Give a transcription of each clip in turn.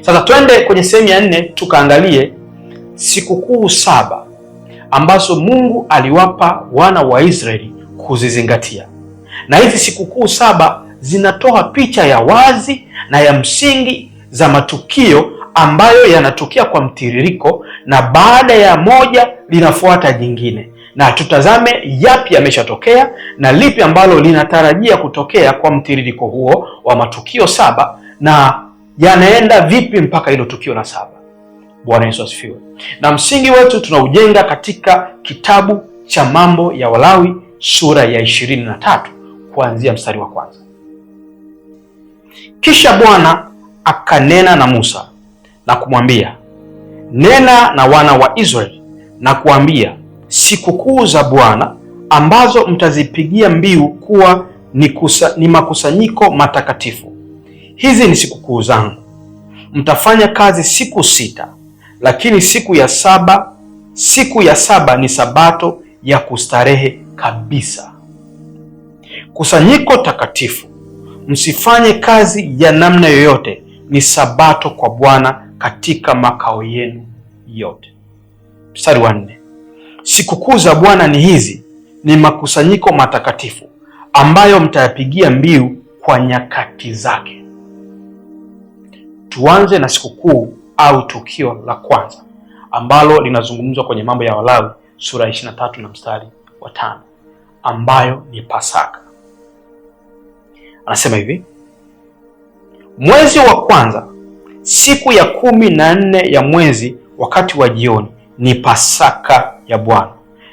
Sasa twende kwenye sehemu ya nne tukaangalie sikukuu saba ambazo Mungu aliwapa wana wa Israeli kuzizingatia, na hizi sikukuu saba zinatoa picha ya wazi na ya msingi za matukio ambayo yanatokea kwa mtiririko, na baada ya moja linafuata jingine, na tutazame yapi yameshatokea na lipi ambalo linatarajia kutokea kwa mtiririko huo wa matukio saba na yanaenda vipi mpaka hilo tukio la saba. Bwana Yesu asifiwe. Na msingi wetu tunaujenga katika kitabu cha Mambo ya Walawi sura ya ishirini na tatu kuanzia mstari wa kwanza. Kisha Bwana akanena na Musa na kumwambia, nena na wana wa Israeli na kuambia, sikukuu za Bwana ambazo mtazipigia mbiu kuwa ni, kusa, ni makusanyiko matakatifu hizi ni sikukuu zangu, mtafanya kazi siku sita, lakini siku ya saba, siku ya saba ni sabato ya kustarehe kabisa, kusanyiko takatifu. Msifanye kazi ya namna yoyote, ni sabato kwa Bwana katika makao yenu yote. Mstari wa nne, sikukuu za Bwana ni hizi, ni makusanyiko matakatifu ambayo mtayapigia mbiu kwa nyakati zake. Tuanze na sikukuu au tukio la kwanza ambalo linazungumzwa kwenye Mambo ya Walawi sura ya 23 na mstari wa tano ambayo ni Pasaka. Anasema hivi: mwezi wa kwanza siku ya kumi na nne ya mwezi wakati wa jioni ni Pasaka ya Bwana,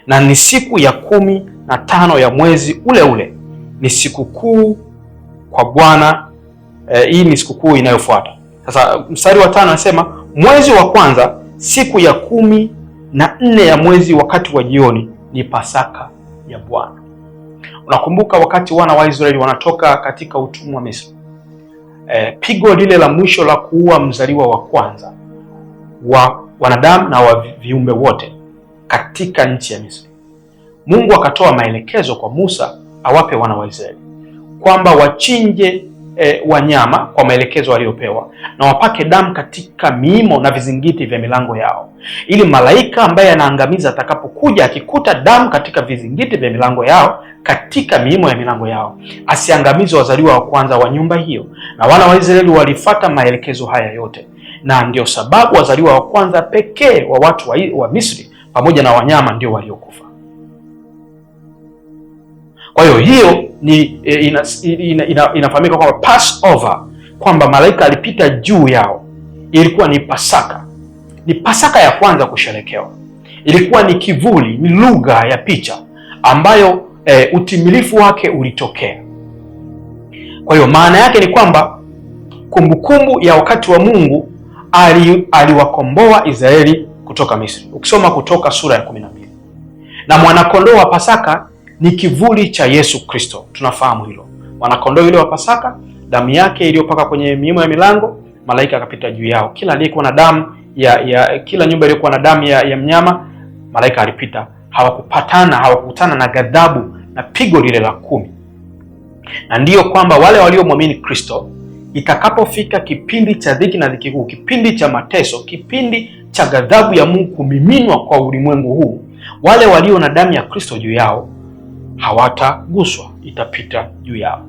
na ni siku ya kumi na tano ya mwezi ule ule, ni sikukuu kwa Bwana. E, hii ni sikukuu inayofuata sasa mstari wa tano anasema mwezi wa kwanza siku ya kumi na nne ya mwezi wakati wa jioni ni Pasaka ya Bwana. Unakumbuka wakati wana wa Israeli wanatoka katika utumwa Misri, e, pigo lile la mwisho la kuua mzaliwa wa kwanza wa wanadamu na wa viumbe wote katika nchi ya Misri, Mungu akatoa maelekezo kwa Musa awape wana wa Israeli kwamba wachinje e, wanyama kwa maelekezo waliyopewa, na wapake damu katika miimo na vizingiti vya milango yao, ili malaika ambaye anaangamiza atakapokuja akikuta damu katika vizingiti vya milango yao, katika miimo ya milango yao, asiangamize wazaliwa wa kwanza wa nyumba hiyo. Na wana wa Israeli walifata maelekezo haya yote, na ndio sababu wazaliwa wa kwanza pekee wa watu wa, wa Misri pamoja na wanyama ndio waliokufa. Kwa hiyo hiyo ni e, ina, ina, ina, inafahamika kwamba Passover, kwamba malaika alipita juu yao. Ilikuwa ni Pasaka, ni Pasaka ya kwanza kusherekewa. Ilikuwa ni kivuli, ni lugha ya picha ambayo e, utimilifu wake ulitokea. Kwa hiyo maana yake ni kwamba kumbukumbu ya wakati wa Mungu aliwakomboa ali Israeli kutoka Misri. Ukisoma Kutoka sura ya 12 na mwanakondoo wa Pasaka ni kivuli cha Yesu Kristo, tunafahamu hilo. Wanakondoo ile wa Pasaka, damu yake iliyopaka kwenye miimo ya milango, malaika akapita juu yao. Kila aliyekuwa na damu ya, ya kila nyumba iliyokuwa na damu ya, ya mnyama, malaika alipita. Hawakupatana, hawakukutana na ghadhabu na pigo lile la kumi. Na ndiyo kwamba wale waliomwamini Kristo, itakapofika kipindi cha dhiki na dhiki kuu, kipindi cha mateso, kipindi cha ghadhabu ya Mungu kumiminwa kwa ulimwengu huu, wale walio na damu ya Kristo juu yao hawataguswa, itapita juu yao.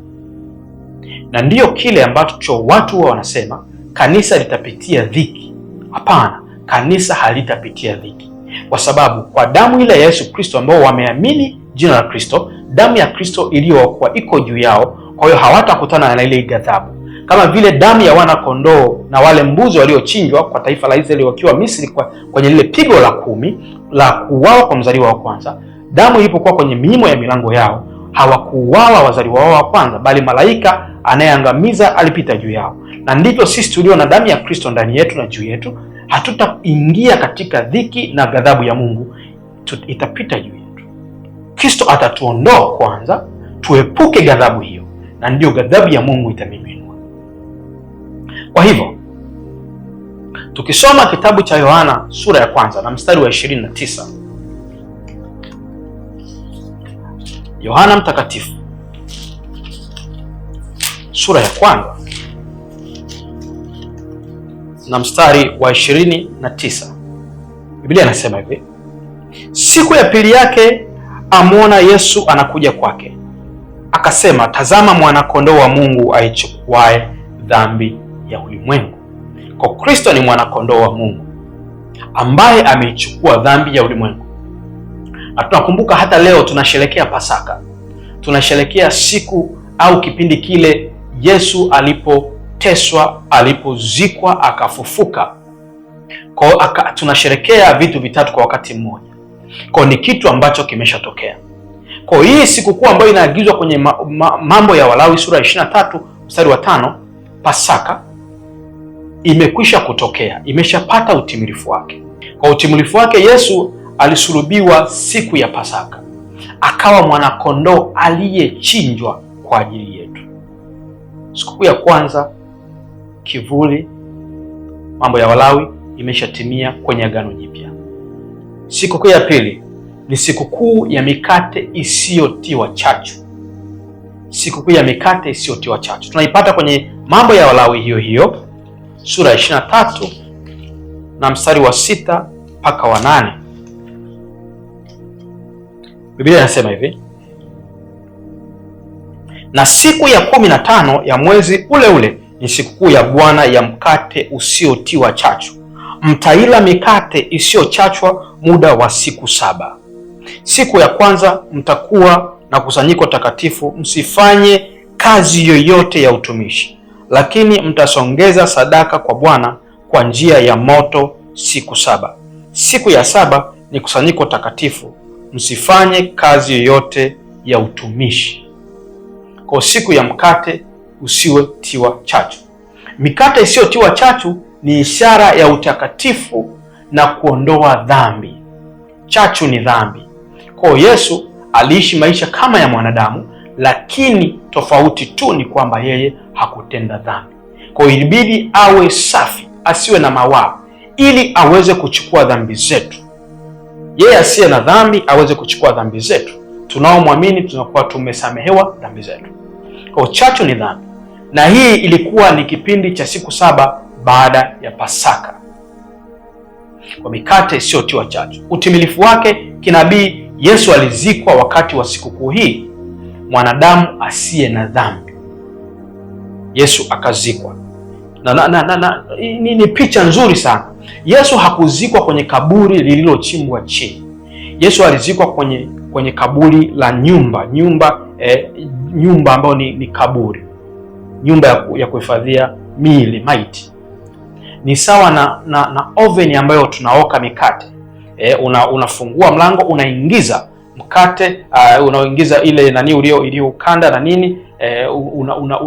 Na ndiyo kile ambacho watu huwa wanasema kanisa litapitia dhiki. Hapana, kanisa halitapitia dhiki, kwa sababu kwa damu ile ya Yesu Kristo ambao wameamini jina la Kristo, damu ya Kristo iliyokuwa iko juu yao, kwa hiyo hawatakutana na ile ghadhabu kama vile damu ya wana kondoo na wale mbuzi waliochinjwa kwa taifa la Israeli wakiwa Misri, kwa kwenye lile pigo la kumi la kuuawa kwa mzaliwa wa kwanza damu ilipokuwa kwenye miimo ya milango yao, hawakuuawa wazaliwa wao wa kwanza, bali malaika anayeangamiza alipita juu yao. Na ndivyo sisi tulio na damu ya Kristo ndani yetu na juu yetu, hatutaingia katika dhiki na ghadhabu ya Mungu, itapita juu yetu. Kristo atatuondoa kwanza, tuepuke ghadhabu hiyo, na ndiyo ghadhabu ya Mungu itamiminwa. Kwa hivyo tukisoma kitabu cha Yohana sura ya kwanza na mstari wa 29 Yohana Mtakatifu sura ya kwanza na mstari wa 29, Biblia inasema hivi: siku ya pili yake amwona Yesu anakuja kwake, akasema, tazama mwanakondoo wa Mungu aichukuae dhambi ya ulimwengu. Kwa Kristo ni mwanakondoo wa Mungu ambaye ameichukua dhambi ya ulimwengu na tunakumbuka hata leo tunasherekea Pasaka, tunasherekea siku au kipindi kile Yesu alipoteswa, alipozikwa, akafufuka. Kwa aka, tunasherekea vitu vitatu kwa wakati mmoja, kwa ni kitu ambacho kimeshatokea. Kwa hii sikukuu ambayo inaagizwa kwenye ma, ma, mambo ya Walawi sura ya 23 mstari wa tano, Pasaka imekwisha kutokea, imeshapata utimilifu wake. Kwa utimilifu wake Yesu alisulubiwa siku ya Pasaka, akawa mwanakondoo aliyechinjwa kwa ajili yetu. Sikukuu ya kwanza, kivuli, mambo ya Walawi imeshatimia kwenye Agano Jipya. Sikukuu ya pili ni sikukuu ya mikate isiyotiwa chachu, sikukuu ya mikate isiyotiwa chachu tunaipata kwenye mambo ya Walawi hiyo hiyo sura ya 23 na mstari wa sita mpaka wa nane. Biblia inasema hivi, na siku ya kumi na tano ya mwezi ule ule ni sikukuu ya Bwana ya mkate usiotiwa chachu, mtaila mikate isiyochachwa muda wa siku saba. Siku ya kwanza mtakuwa na kusanyiko takatifu, msifanye kazi yoyote ya utumishi, lakini mtasongeza sadaka kwa Bwana kwa njia ya moto siku saba. Siku ya saba ni kusanyiko takatifu msifanye kazi yoyote ya utumishi. Kwa siku ya mkate usiotiwa chachu, mikate isiyotiwa chachu ni ishara ya utakatifu na kuondoa dhambi. Chachu ni dhambi. Kwa Yesu aliishi maisha kama ya mwanadamu, lakini tofauti tu ni kwamba yeye hakutenda dhambi. Kwa ilibidi awe safi, asiwe na mawaa, ili aweze kuchukua dhambi zetu yeye asiye na dhambi aweze kuchukua dhambi zetu. Tunaomwamini tunakuwa tumesamehewa dhambi zetu. Kwa chachu ni dhambi, na hii ilikuwa ni kipindi cha siku saba baada ya Pasaka, kwa mikate isiyotiwa chachu. Utimilifu wake kinabii, Yesu alizikwa wakati wa sikukuu hii, mwanadamu asiye na dhambi Yesu akazikwa na, na, na, na, na, ni, ni picha nzuri sana. Yesu hakuzikwa kwenye kaburi lililochimbwa chini. Yesu alizikwa kwenye kwenye kaburi la nyumba nyumba eh, nyumba ambayo ni, ni kaburi, nyumba ya, ya kuhifadhia miili maiti. Ni sawa na, na, na oven ambayo tunaoka mikate eh, una, unafungua mlango unaingiza mkate uh, ah, unaoingiza ile nani ulio iliyoukanda na nini eh, unaingiza una,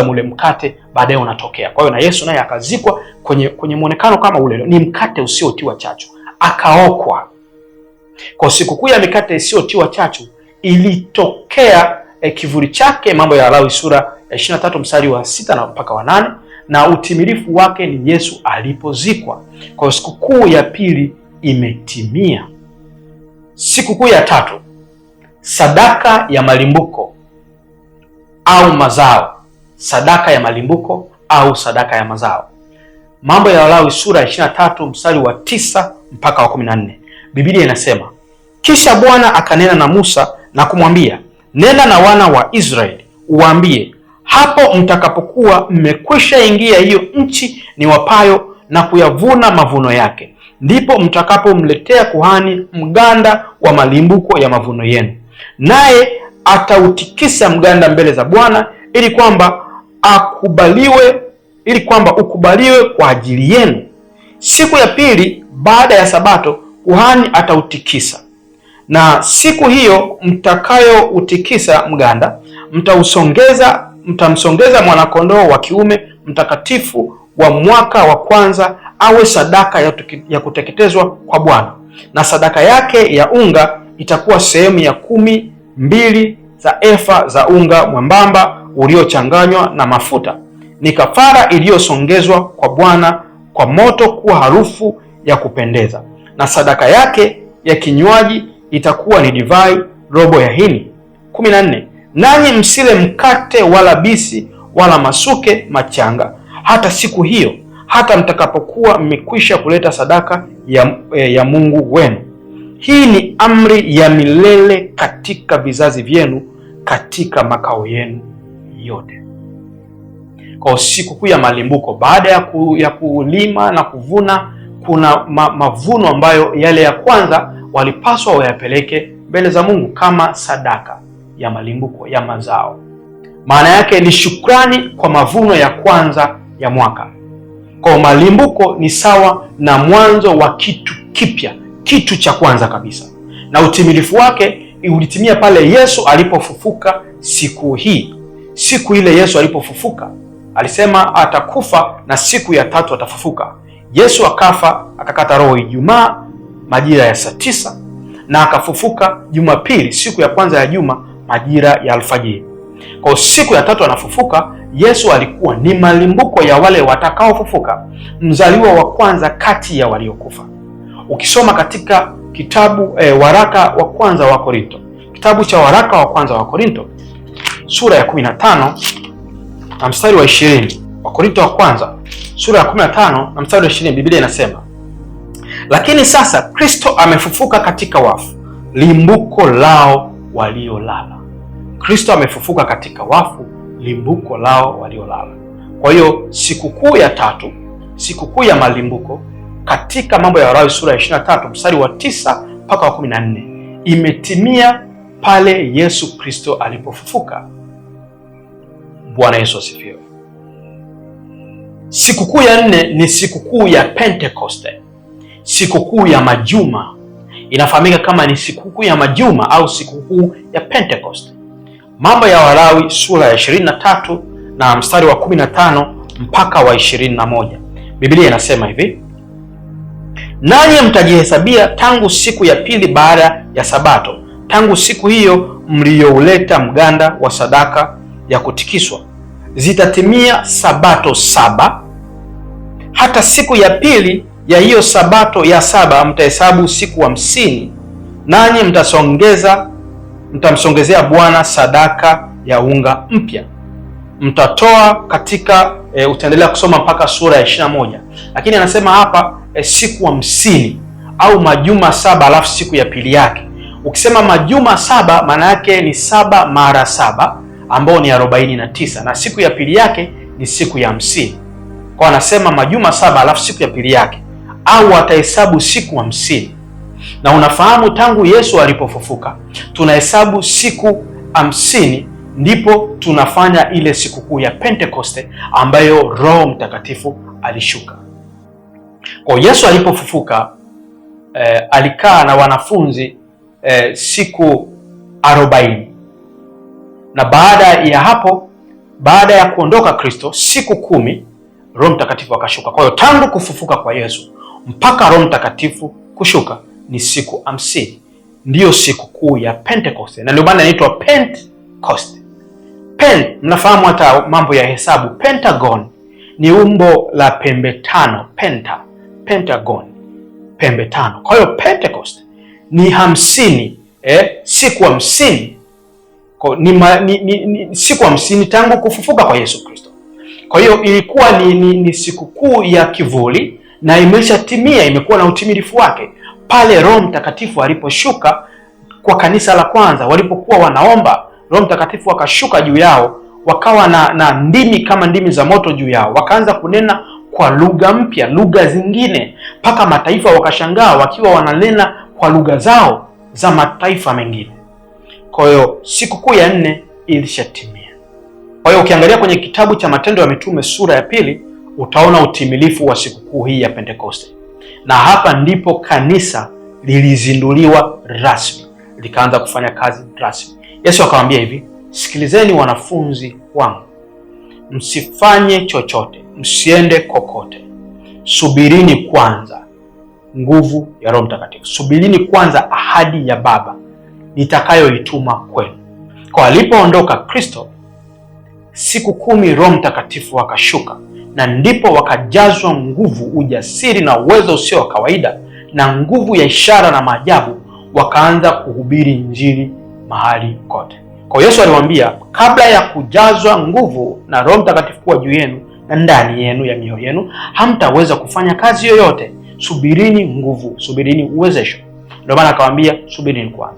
una mule mkate baadaye unatokea. Kwa hiyo na Yesu naye akazikwa kwenye, kwenye mwonekano kama ule, ni mkate usiotiwa chachu, akaokwa kwa sikukuu ya mikate isiyotiwa chachu ilitokea eh, kivuli chake, Mambo ya alawi sura ya eh, 23 mstari wa sita na mpaka wa nane, na utimilifu wake ni Yesu alipozikwa. Kwa sikukuu ya pili imetimia. Sikukuu ya tatu, sadaka ya malimbuko au mazao, sadaka ya malimbuko au sadaka ya mazao. Mambo ya Walawi sura ya tatu mstari wa tisa mpaka wa 14. Biblia inasema, kisha Bwana akanena na Musa na kumwambia, nena na wana wa Israeli uwaambie, hapo mtakapokuwa mmekwisha ingia hiyo nchi ni wapayo na kuyavuna mavuno yake, ndipo mtakapomletea kuhani mganda wa malimbuko ya mavuno yenu, naye atautikisa mganda mbele za Bwana ili kwamba akubaliwe, ili kwamba ukubaliwe kwa ajili yenu. Siku ya pili baada ya Sabato kuhani atautikisa, na siku hiyo mtakayoutikisa mganda mtausongeza, mtamsongeza mwanakondoo wa kiume mtakatifu wa mwaka wa kwanza awe sadaka ya, ya kuteketezwa kwa Bwana, na sadaka yake ya unga itakuwa sehemu ya kumi mbili za efa za unga mwembamba uliochanganywa na mafuta. Ni kafara iliyosongezwa kwa Bwana kwa moto kuwa harufu ya kupendeza, na sadaka yake ya kinywaji itakuwa ni divai robo ya hini. kumi na nne. Nanyi msile mkate wala bisi wala masuke machanga hata siku hiyo, hata mtakapokuwa mmekwisha kuleta sadaka ya, eh, ya Mungu wenu. Hii ni amri ya milele katika vizazi vyenu, katika makao yenu yote. Kwa kuu ya malimbuko, baada ya, ku, ya kulima na kuvuna, kuna ma, mavuno ambayo yale ya kwanza walipaswa wayapeleke mbele za Mungu kama sadaka ya malimbuko ya mazao. Maana yake ni shukrani kwa mavuno ya kwanza ya mwaka. Kwa malimbuko ni sawa na mwanzo wa kitu kipya kitu cha kwanza kabisa, na utimilifu wake ulitimia pale Yesu alipofufuka siku hii. Siku ile Yesu alipofufuka alisema atakufa na siku ya tatu atafufuka. Yesu akafa akakata roho Ijumaa majira ya saa tisa na akafufuka Jumapili, siku ya kwanza ya juma majira ya alfajiri. Kwa siku ya tatu anafufuka. Yesu alikuwa ni malimbuko ya wale watakaofufuka, mzaliwa wa kwanza kati ya waliokufa ukisoma katika kitabu e, waraka wa kwanza wa Korinto, kitabu cha waraka wa kwanza wa Korinto sura ya 15 na mstari wa 20. Wa Korinto wa kwanza sura ya 15 na mstari wa 20, Biblia inasema lakini sasa Kristo amefufuka katika wafu, limbuko lao waliolala. Kristo amefufuka katika wafu, limbuko lao waliolala. Kwa hiyo sikukuu ya tatu, sikukuu ya malimbuko katika mambo ya Warawi sura ya 23 mstari wa tisa mpaka wa 14, imetimia pale Yesu Kristo alipofufuka. Bwana Yesu asifiwe. Sikukuu ya nne ni sikukuu ya Pentekoste, sikukuu ya majuma. Inafahamika kama ni sikukuu ya majuma au sikukuu ya Pentekoste. Mambo ya Warawi sura ya 23 na mstari wa 15 mpaka wa 21, Biblia inasema hivi: nanyi mtajihesabia tangu siku ya pili baada ya Sabato, tangu siku hiyo mliyouleta mganda wa sadaka ya kutikiswa. Zitatimia sabato saba, hata siku ya pili ya hiyo sabato ya saba mtahesabu siku hamsini, nanyi mtasongeza mtamsongezea Bwana sadaka ya unga mpya mtatoa katika e, utaendelea kusoma mpaka sura ya ishirini na moja lakini anasema hapa e, siku hamsini au majuma saba alafu siku ya pili yake. Ukisema majuma saba maana yake ni saba mara saba ambao ni arobaini na tisa na siku ya pili yake ni siku ya hamsini. Kwa anasema majuma saba alafu siku ya pili yake, au atahesabu siku hamsini. Na unafahamu tangu Yesu alipofufuka tunahesabu siku hamsini ndipo tunafanya ile sikukuu ya Pentekoste ambayo Roho Mtakatifu alishuka. Kwa Yesu alipofufuka eh, alikaa na wanafunzi eh, siku arobaini na baada ya hapo, baada ya kuondoka Kristo siku kumi, Roho Mtakatifu akashuka. Kwa hiyo tangu kufufuka kwa Yesu mpaka Roho Mtakatifu kushuka ni siku hamsini, ndiyo sikukuu ya Pentekoste na ndio maana inaitwa Pentekoste. Pen, mnafahamu hata mambo ya hesabu. Pentagon ni umbo la pembe tano, penta, pentagon, pembe tano. Kwa hiyo Pentecost ni hamsini, eh, siku hamsini ni, ni, ni, ni siku hamsini tangu kufufuka kwa Yesu Kristo. Kwa hiyo ilikuwa ni, ni, ni sikukuu ya kivuli na imeshatimia, imekuwa na utimilifu wake pale Roho Mtakatifu aliposhuka kwa kanisa la kwanza walipokuwa wanaomba Roho Mtakatifu akashuka juu yao, wakawa na, na ndimi kama ndimi za moto juu yao, wakaanza kunena kwa lugha mpya, lugha zingine, mpaka mataifa wakashangaa, wakiwa wananena kwa lugha zao za mataifa mengine. Kwa hiyo sikukuu ya nne ilishatimia. Kwa hiyo ukiangalia kwenye kitabu cha Matendo ya Mitume sura ya pili utaona utimilifu wa sikukuu hii ya Pentekoste, na hapa ndipo kanisa lilizinduliwa rasmi, likaanza kufanya kazi rasmi. Yesu akamwambia hivi, sikilizeni wanafunzi wangu, msifanye chochote, msiende kokote, subirini kwanza nguvu ya Roho Mtakatifu, subirini kwanza ahadi ya Baba nitakayoituma kwenu. Kwa alipoondoka Kristo, siku kumi Roho Mtakatifu akashuka, na ndipo wakajazwa nguvu, ujasiri na uwezo usio wa kawaida, na nguvu ya ishara na maajabu, wakaanza kuhubiri Injili mahali kote. Kwa Yesu aliwaambia kabla ya kujazwa nguvu na Roho Mtakatifu kuwa juu yenu na ndani yenu ya mioyo yenu, hamtaweza kufanya kazi yoyote. Subirini nguvu, subirini uwezesho. Ndio maana akawaambia subirini kwanza.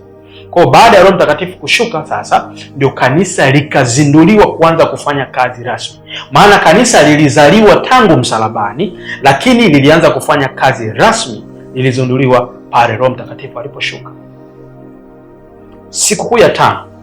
Kwa baada ya Roho Mtakatifu kushuka sasa, ndio kanisa likazinduliwa kuanza kufanya kazi rasmi. Maana kanisa lilizaliwa tangu msalabani, lakini lilianza kufanya kazi rasmi, lilizinduliwa pale Roho Mtakatifu aliposhuka. Sikukuu ya tano